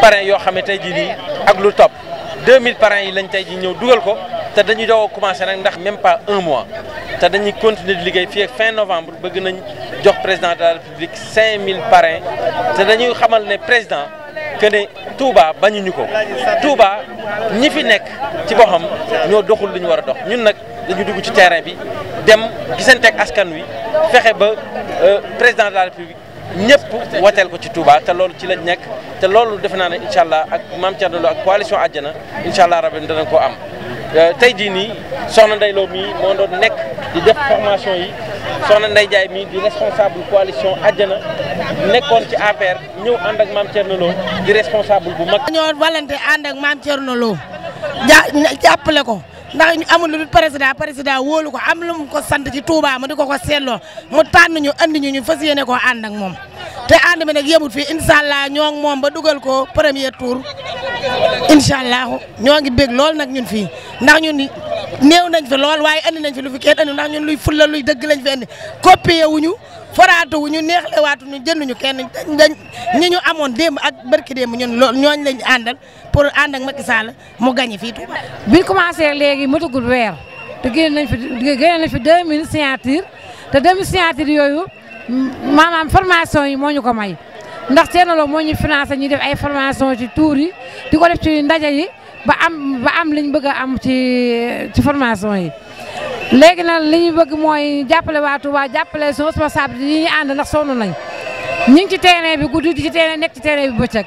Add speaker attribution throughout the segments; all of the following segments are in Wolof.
Speaker 1: parrains yoo xam ne tey jii ak lu 2000 parrains yi lañ tey jii ñëw dugal ko te dañuy doog commencé ndax même pas un mois te dañuy continuer di liggéey fii ak fin novembre bëgg nañ jox président de la république 5000 parrains te dañuy xamal ne président que ne Touba bañuñu ko Touba ñi fi nek ci boppam ñoo doxul lu ñu war dox ñun nak dañu dugg ci terrain bi dem ak askan wi fexé ba euh, président de la république. ñëpp woteel ko ci Touba te loolu ci la nekk te loolu defe naa ne incha allah ak Mame Thierno Lo ak coalition Àjjana incha allah rabbi danañ ko am. Euh, tey jii nii soxna Ndeye Lo mii moo doon nekk di def formation yi soxna Ndeye Ndiaye mii di responsable coalition Àjjana nekkoon ci APR ñëw ànd ak Mame Thierno Lo di responsable bu
Speaker 2: mag. ñoo walante ànd ak Mame Thierno Lo ja jàppale ko. ndax ñu amul lu président président wóolu ko am lu mu ko sant ci Touba mu di ko ko seetloo mu tànn ñu andi ñu ñu fas yéene koo ànd ak moom te ànd mi nag yemut fii incha allah ñoo moom ba dugal ko premier tour incha allah ñoo ngi bég lool nag ñun fii ndax ñun néew nañ fi lool waaye andi nañ fi lu fi kenn andi ndax ñun luy fulla luy dëgg lañ fi andi copié wuñu foraatu wuñu neexlewaatu ñu jënduñu kenn dañ ñi ñu amoon démb ak barki démb ñun lool ñooñ
Speaker 3: lañ àndal pour ànd ak Macky Sall mu gañi fii Touba bi commencé léegi matagul weer te génn nañ fi génn nañ fi 2000 signature te 2000 signature yooyu maanaam formation yi moo ñu ko may ndax Thierno Lo moo ñu financé ñuy def ay formation ci tuur yi di ko def ci ndaje yi ba am ba am liñ bëgg a am ci ci formation yi léegi nag li ñu bëgg mooy jàppale waa Touba jàppale suñu responsable yi ñu ànd ndax sonn nañ ñu ngi ci terrain bi guddi di ci terrain nekk ci terrain bi bëccëg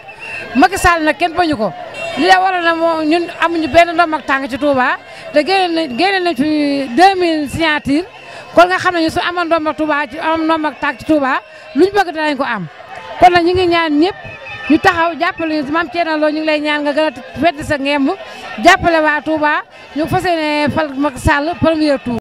Speaker 3: Macky Sall na kenn bañu ko li la waral na moom ñun amuñu benn ndoom ak tàng ci Touba te génne nañ génne nañ fi 2000 signature kon nga xam ne ñu su amoon ndoom ak Touba ci am ndoom ak tàng ci Touba luñ bëgg danañ ko am kon nag ñu ngi ñaan ñëpp. ñu taxaw jàppale ñu si maam Thierno ñu ngi lay ñaan nga gën a wedd sa ngemb jàppale waa Touba ñu fas yéene fal Macky Sall premier tour.